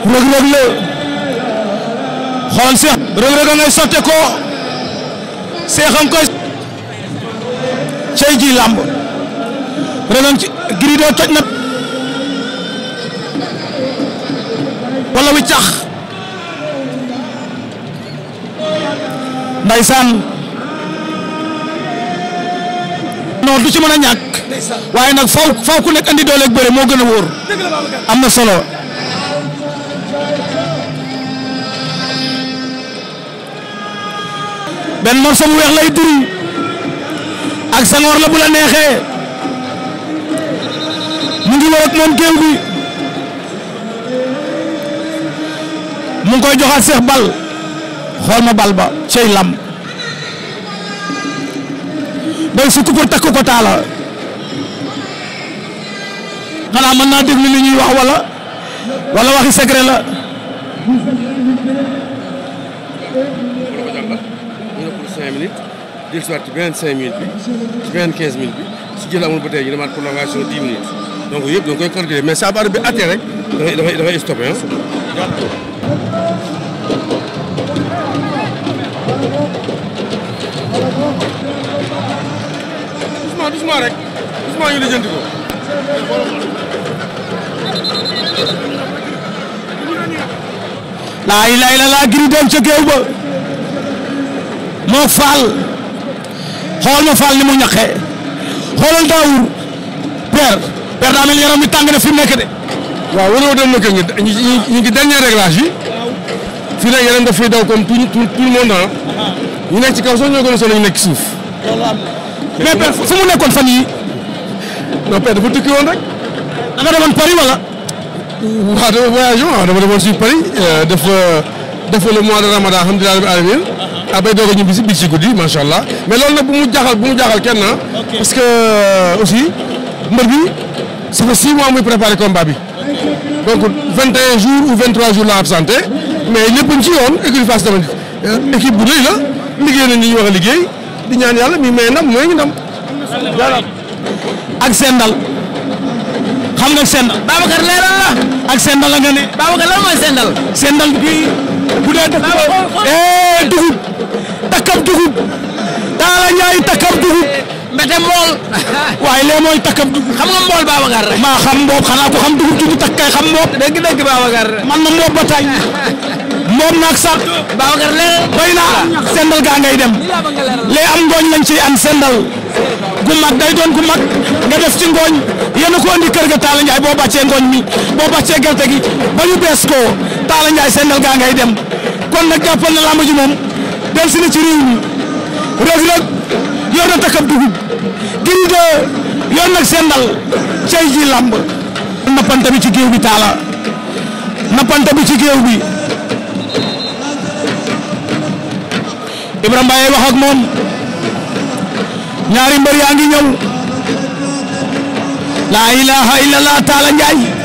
Reug Reug la xool Cheikh Reug Reug a ngay sotte ko Cheikh koy cey ji làmb Reug Reug ci 2 toj na wala wi cax ndaysaan non du ci mën a ñàkk waaye nag faw faw ku nekk andi dooleeg bëre moo gën a wóor am na solo benn morceau bu weex lay duri ak sangoor la bu la neexee mu ngi wër moom géew bi mu ngi koy joxaat seex bal xool ma bal ba cey lam day sukk pour takk ko taala xanaa mën naa déglu li ñuy wax wala wala waxi secret la. cinq minutes jël si waat ci beneen cinq minutes bi ci beneen quinze minutes bi si jël amul ba tey ñu demaat prolongation dix minutes donc yëpp da nga koy calculer mais saa baar bi àttee rek da ngay da ngay da ngay stoppé doucement doucement rek doucement ñu lijjanti ko. laa ilaaha illallaah Gris dem ca géew ba. moo faal xool ma faal ni mu ñaqee xoolal daawur père père daa mel ni yaram mi tàng na fi mu nekk de. waaw waroo dem nag nga ñu ñu ngi dernier réglage yi fii nag yaram dafay daw comme tout tout tout le monde ah ñu nekk ci kaw sax ñoo gën a sonn nekk suuf. mais père fu mu nekkoon fan yi non père dafa tukki woon rek. da nga demoon Paris wala. waaw dama voyage waaw dama demoon suuf Paris euh, def euh, def le mois de Ramadan alhamdulilah rabbil alamin ah bay doog a ñibbi si biir si guddi macha allah mais loolu nag bu mu jaaxal bu mu jaaxal kenn ah. parce que euh, aussi mbër bi ça fait six mois muy préparé combat bi donc 21 jours ou 23 jour la absenté mais lépp ñu ci yoon équipe face tamit euh, équipe bu rëy la liggéey nañ li ñu war liggéey di ñaan yàlla mi may ndam mooy ñu ndam. ak seen dal xam nga seen dal. leeral la. ak seen dal la nga ne. Babacar lan mooy seen dal. seen dal bi. bu dee dugub eh dugub takkam dugub Talla Ndiaye takkam dugub. mbete mbool. waaye lee mooy takkam dugub. xam nga mbool Babacar rek. maa xam mboob xanaa ko xam dugub tuuti takk kay xam mboob. man na mboob ba tey. mboob naag sax. Babacar léeg-léeg. bay naa sendal gaa ngay dem. lee am ngooñ lañ ciy am sendal. gu mag day doon gu mag nga def ci ngooñ yéen a ko kër ga Talla Ndiaye boo bàccee ngooñ mi boo bàccee gerte gi ba bees ko Talla Ndiaye sendal gaa ngay dem kon nag jàppal na làmb ji moom dem si na ci réew mi Reug Reug yor na takkab dugub Gris 2 yor nag sendal cey ji làmb nappante bi ci géew bi Talla nappante bi ci géew bi Ibrahima Mbaye wax ak moom ñaari mbër yaa ngi ñëw la ilaha illallah Talla Ndiaye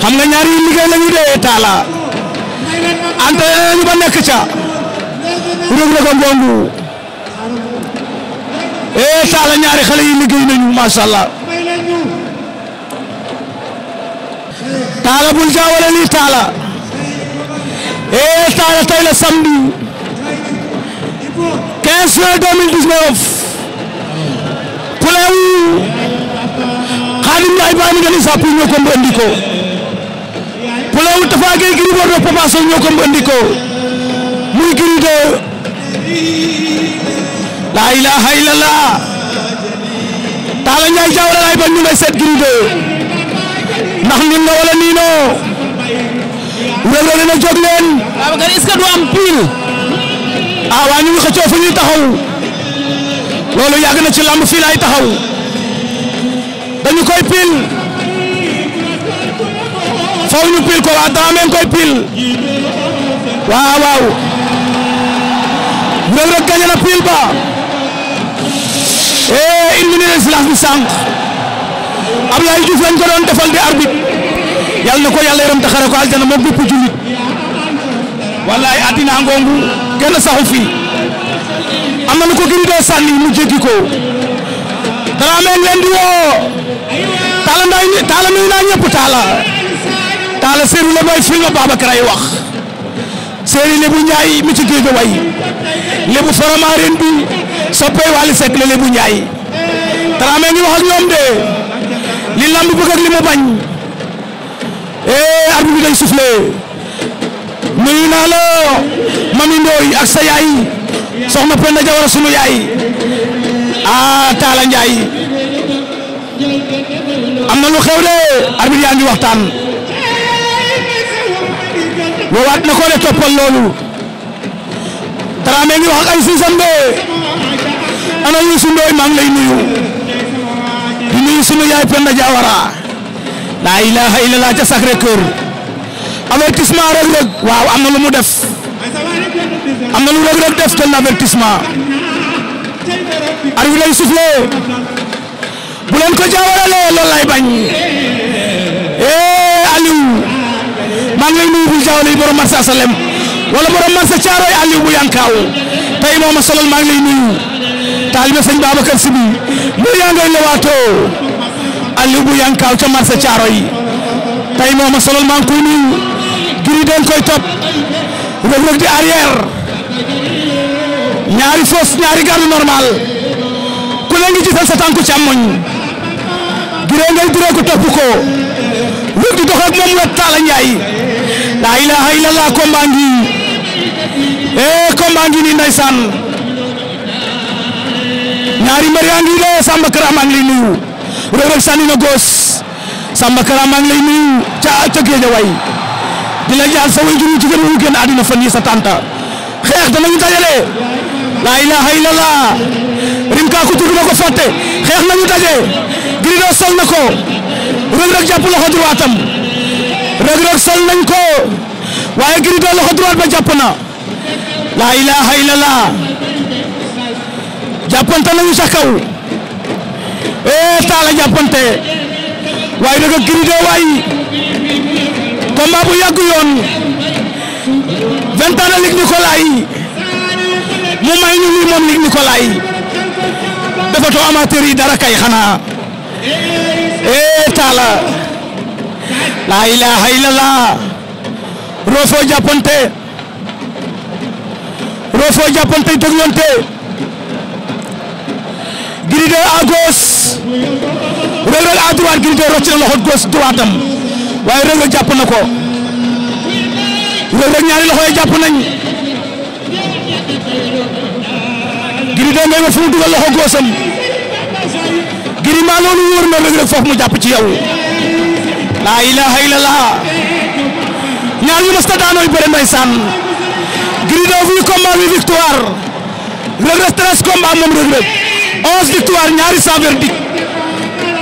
xam nga ñaari liggéey la ñuy dee taala entraîné nañu ba nekk ca Reug Reug a ngongu ee eh, taala ñaari xale yi liggéey nañu masha Allah taala bul jaawale lii taala ee eh, taala tey la samedi 15 juin 2019 poulet wu Khadim Ndiaye baa mi ni sàpp ñoo ko andi Pulawul Tafa Gueye Gris Bordeaux Papa Sow ñoo ko andi ko muy Gris de la ilaha illallah Talla Ndiaye Diawara laay bañ ñu seet Gris de nin la wala niino wéeru na jóg leen waaw gar est que du am pile ah waa ñu ngi xëccoo fu ñuy taxaw loolu yàgg na ci làmb fii laay taxaw dañu koy pile faw ñu pile ko waa Dramé koy pile waaw waaw Reug Reug gagné na pile ba eh une minute de silence bi sànq Ablaye Diouf lañ ko doon defal di arbitre yal na ko yàlla yërëm taxare ko aljana moom bépp jullit wallahi addina ngongu kenn saxu fii am na nu ko gëri doo sànni mu jéggi ko leen di woo Talla Ndoye Talla nuyu naa ñëpp Talla taala seeru le mooy film Babacar ay wax seeri Lebu Njaay mi ci géej way Lebu Faramareen bi soppay Wally Seck la Lebu Njaay Dramé ngi wax ak ñoom de li lamb bëgg ak li mu bañ eh arbitre bi day soufflé nuyu naa la mami Ndooy ak sa yaay soxna Penda Jawara sunu yaay ah Talla Ndiaye am na lu xew de arbitre yaa ngi waxtaan. wawaat na ko ne toppal loolu Dramé ngi wax ak ay siisam de ana Youssou Ndoye maa lay nuyu di nuyu sunu yaay Penda Diawara la ilaha illallah ca Sacré-Cœur avertissement waaw am na lu mu def am na lu Reug Reug def tel avertissement arbitre lay soufflé bu leen ko jaawarale loolu lay bañ eh Aliou Thiawane yi borom marché Asalem wala borom marché Thiaroye bu Yankaaw tey moom a solal maa ngi lay nuyu taalibe sëñ Babacar Si bi mu yaa ngay bu Yankaaw ca marché Thiaroye yi tey moom a solal maa ngi koy giri den koy topp Reug Reug di arrière ñaari fausse ñaari garde normal ku ne ngi gisal sa tànku càmmoñ giree ngay diree ko topp di dox moom wet Talla Ndiaye la ilaha illallah combat ngi eh combat ngi ni ndeysaan ñaari mbër yaa ngi Samba Kara maa ngi lay nuyu Reug Reug sànni na góos Samba Kara maa ngi lay nuyu ca ca géej way di la jaal sa way juru ci gënu génn àddina fan yi sa tanta xeex danañu dajale la ilaha illallah rimka ku tudd na ko fàtte xeex nañu daje Gris 2 sol na ko Reug Reug jàpp loxo droitam Reug Reug sol nañ ko waaye Gris loxo droit ba jàpp na la ilaha illallah jàppante nañu sa kaw eh taala jàppante waaye Reug Reug Gris waay combat bu yàgg yoon vingt ans mu may ñu lii moom Luc Nicolaï dafa too amateur yi dara kay xanaa eh taala la ilaha illallah roofoo jàppante roofoo jàppante teglonte Gris 2 à gauche Reug Reug à droite Gris 2 rocc na loxo gauche droite waaye Reug Reug jàpp na ko Reug Reug ñaari loxo yi jàpp nañ Gris 2 ngay ma fu mu dugal loxo gauche am Gris loolu wóor na Reug Reug foofu mu jàpp ci yow laa ilaaha illallah ñaar ñu mës a daanooy bëre ndeysaan Gris 2 huit combat huit victoire Reug Reug treize combat moom Reug Reug onze victoire ñaari sans verdict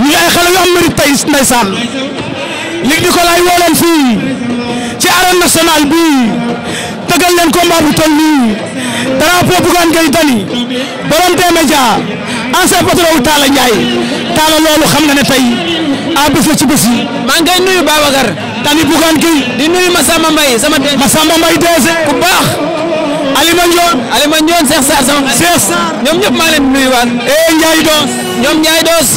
ñu ay xale yu am mérite tey ndeysaan lig di ko lay wooleen fii ci arène nationale bi tëggal leen combat bu toll nii drapeau Bougane Gueye Dany borom des médias ancien patron Talla Ndiaye Talla loolu xam nga ne tey a bés ci bés yi maa ngi koy nuyu Babacar tani bugaan di nuyu Massamba Mbaye sama DG Massamba Mbaye DG ku baax Alima Ndione Alima Ndione Cheikh Sarr sama Cheikh Sarr ñoom ñëpp maa leen nuyu waat eh Ndiaye Doos ñoom Ndiaye Doos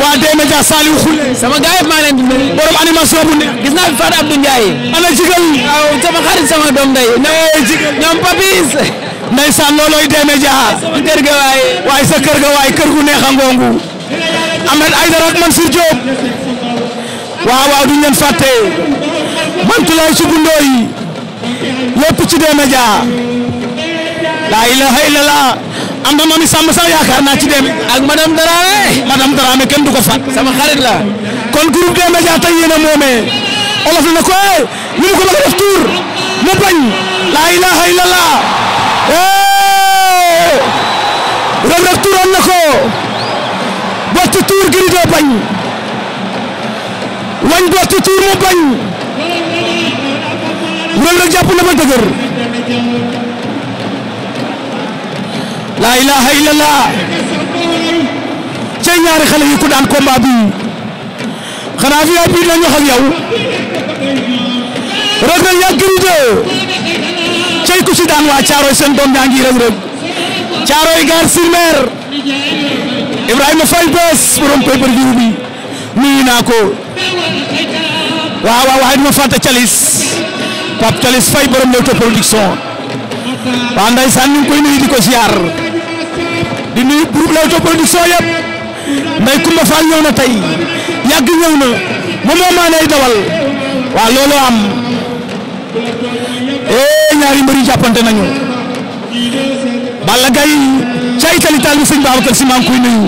waa D-Media Saliou Khoule sama gaay yëpp nuyu borom animation bu ne gis naa fi Fatou Abdou Ndiaye ana jigal waaw sama xarit sama doom day ñoom Papis ndeysaan loolooy D-Media kër ga waay waay sa kër ga waay kër gu neex a ngongu Ahmed Aïdara ak Mansour Diop waaw waaw duñ leen fàtte Mantoulaye Sougou Ndoye lépp ci des médias laa ilaha illallah am na mami Samb sax yaakaar naa ci ak madame Dramé madame Dramé kenn du ko fat sama xarit la kon groupe des médias tey yéen a moomee la na ko ñu eh, ko la ko def tour bañ laa ilaha illallah eh rek rek na ko booti tuur Gris 2 bañ wañ booti tuur mu bañ loolu na ma ilaaha illallah cey ñaari xale yi ku daan combat bi xanaa fi VIP nañu wax ak yow Reug Reug yaa Gris 2 ku ci daan waa Caaroy seen doom yaa ngi Reug Reug Caaroy Gare sur Ibrahima Faye Bees borom pay-per-view bi nuyu naa ko waaw waaw waaye duma fàtte Calis Pape Calis Faye borom Leewtoo production waaw ndeysaan ñu koy nuyu di ko ziar di nuyu groupe Leewtoo production yëpp nday Kumba Fall ñëw na tey yàgg ñëw na moom moo maa nay dawal waaw loolu am eh ñaari mbër yi jàppante nañu. Balla Gaye ca taal bi sëñ Si maa ngi koy nuyu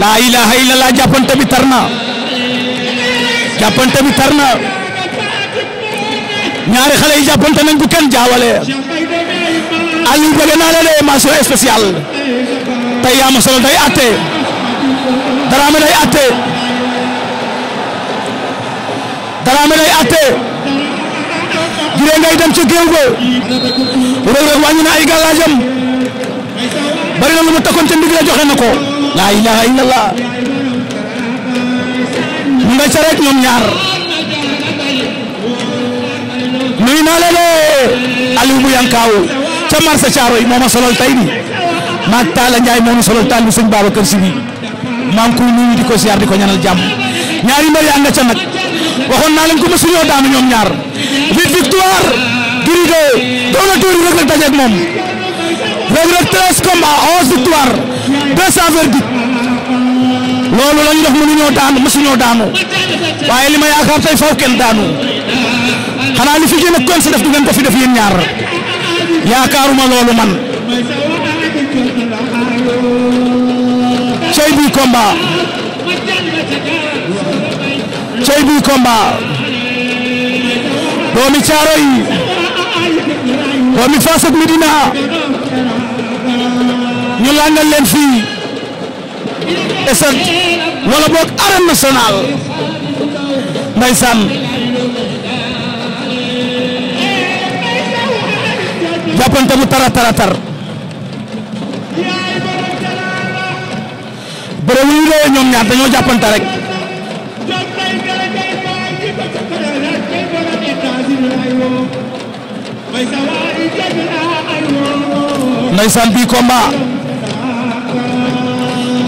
laa ilaaha illallah jàppante bi tar na jàppante bi tar na ñaari xale yi jàppante nañ bu kenn jaawale Aliou bëgg naa la de mention spéciale tey yaa solo day atte daraame day atte daraame day atte Biré Ngay dem ca géew ba Reug Reug wàññi na ay gàllaajam bari na lu mu takkoon te ndig joxe na ko la ilaha illallah ñu nga ca rek ñoom ñaar nuyu naa leen de Aliou bu Yankaaw ca marché Thiaro yi moo ma solol tey bi maag Talla Ndiaye moo ma solol taal bi suñu Babacar Si bi maa ngi koy di ko siyaar di ko ñaanal jàmm ñaari mbër yaa nga ca nag waxoon naa leen ku ma suñoo daanu ñoom ñaar victoire Gris 2 donateur Reug Reug dajeeg moom Reug Reug 13 combats 11 victoire 200 verdict loolu la ñu def mënuñoo daanu mësuñoo daanu waaye li ma yaakaar tey foofu kenn daanu xanaa li fi gën a kon si def du ngeen ko ñaar yaakaaruma loolu man cey bi combat doomi caaro yi doomi Fass ak Medina ñu laajal leen fii esat wala boog arène nationale ndeysaan jàppante bu tara tara tar bëre wu ñu doon ñoom ñaar dañoo jàppante rek ndeysaan bii combat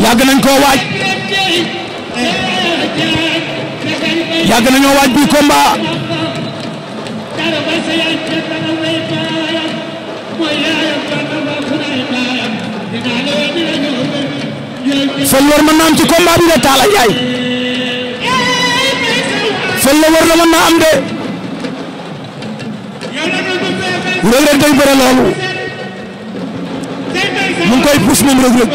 yàgg nañ koo waaj yàgg nañoo waaj bii combat fël war mën naa am ci combat bi de Talla Ndiaye fël la war la mën naa am de. Reug Reug day bëre loolu mu ngi koy pousse moom Reug Reug Reug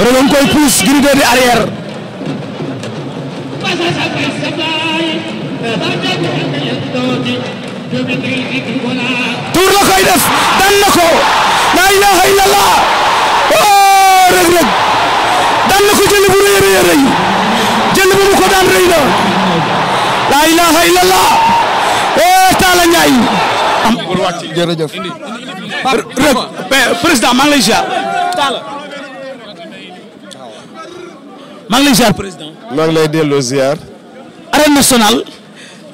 Reug koy pousse Gris 2 di arrière tuur la koy def dan ko laa ilaaha illallah oo oh, Reug Reug dan ko jël bu rëy rëy rëy ko daan rëy ilaaha illallah oo eh, Talla Ndiaye am jërëjëf Reug président maa ngi lay ziar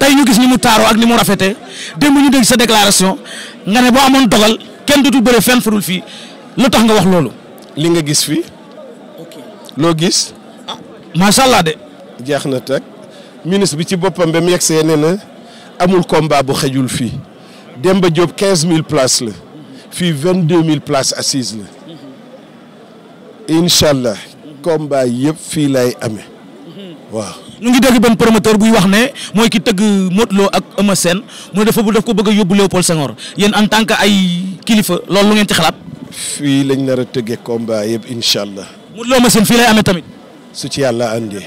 tey ñu gis ni mu taaroo ak ni mu rafetee démb ñu dégg sa déclaration nga ne boo amoon dogal kenn dootul bëre fenn fudul fii lu tax nga wax loolu. li nga gis fii. loo gis. ah macha allah de. jeex na teg ministre bi ci boppam ba mu yegsee ne na amul combat bu xejul fii ba Demba Diop mille place la fii 22000 places assises la incha allah mhm. combat yëpp fii lay amee mhm. ñu ngi dégg benn promoteur buy wax ne mooy ki tëgg Modou Lo ak Eumeu Sène mu ne dafa daf ko bëgg a yóbbu Léopold Senghor yéen en tant que ay kilifa loolu lu ngeen ci xalaat. fii lañ nar a tëggee combat yëpp incha allah. Modou Lo Eumeu Sène fii lay amee tamit. su ci yàlla andee.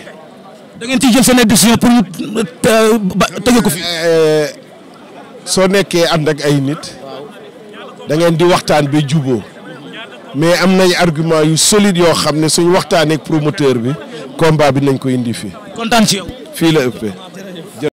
dangeen ngeen ciy jël seen décision pour ñu tëgge ko fi. Eh, soo nekkee ànd ak ay nit. da ngeen di waxtaan ba juboo mais am nañ argument yu solide yoo xam ne suñu waxtaanee ak promoteur bi combat bi nañ ko indi fii. kontaan ci yow. fii la ëppee.